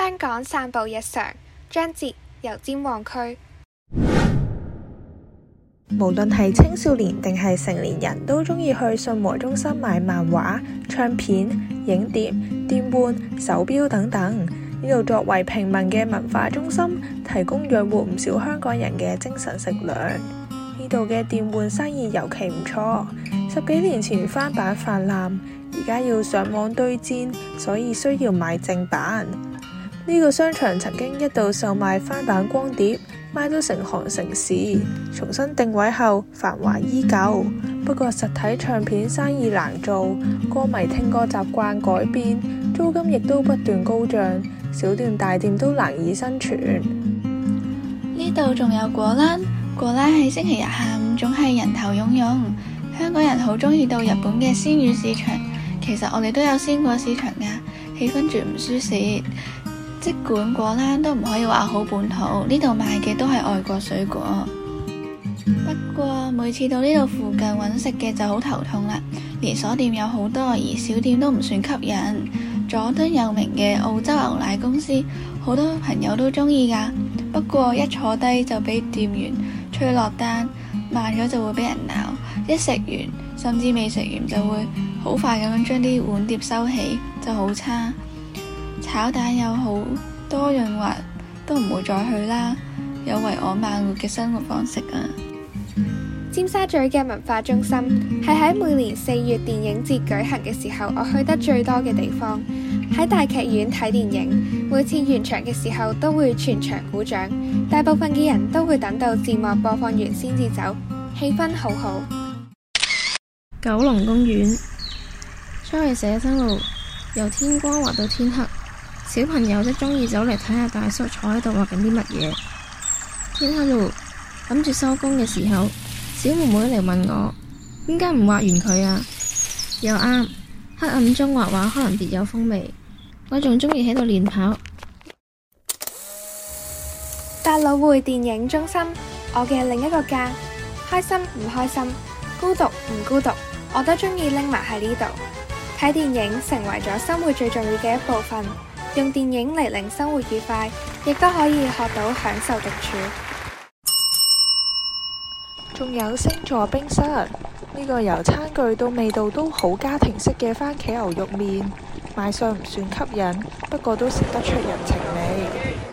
香港散步日常，章節，油尖旺區。無論係青少年定係成年人都鍾意去信和中心買漫畫、唱片、影碟、電玩手錶等等。呢度作為平民嘅文化中心，提供養活唔少香港人嘅精神食糧。呢度嘅電玩生意尤其唔錯。十幾年前翻版泛濫，而家要上網對戰，所以需要買正版。呢個商場曾經一度售賣翻版光碟，賣到成行成市。重新定位後，繁華依舊。不過實體唱片生意難做，歌迷聽歌習慣改變，租金亦都不斷高漲，小店大店都難以生存。呢度仲有果欄，果欄喺星期日下午總係人頭湧湧。香港人好中意到日本嘅鮮魚市場，其實我哋都有鮮果市場㗎，氣氛絕唔輸蝕。即管果欄都唔可以話好本土，呢度賣嘅都係外國水果。不過每次到呢度附近揾食嘅就好頭痛啦。連鎖店有好多，而小店都唔算吸引。佐敦有名嘅澳洲牛奶公司，好多朋友都鍾意㗎。不過一坐低就俾店員催落單，慢咗就會俾人鬧。一食完甚至未食完就會好快咁樣將啲碗碟收起，就好差。炒蛋有好多潤滑，都唔會再去啦。有為我慢活嘅生活方式啊！尖沙咀嘅文化中心係喺每年四月電影節舉行嘅時候，我去得最多嘅地方。喺大劇院睇電影，每次完場嘅時候都會全場鼓掌，大部分嘅人都會等到字幕播放完先至走，氣氛好好。九龍公園，出去寫生路，由天光畫到天黑。小朋友都鍾意走嚟睇下大叔坐喺度畫緊啲乜嘢。天黑嚕，諗住收工嘅時候，小妹妹嚟問我：點解唔畫完佢啊？又啱黑暗中畫畫，可能別有風味。我仲鍾意喺度練跑。百老匯電影中心，我嘅另一個家。開心唔開心，孤獨唔孤獨，我都鍾意匿埋喺呢度。睇電影成為咗生活最重要嘅一部分。用電影嚟令生活愉快，亦都可以學到享受獨處。仲有星座冰室，呢個由餐具到味道都好家庭式嘅蕃茄牛肉麵，賣相唔算吸引，不過都食得出人情味。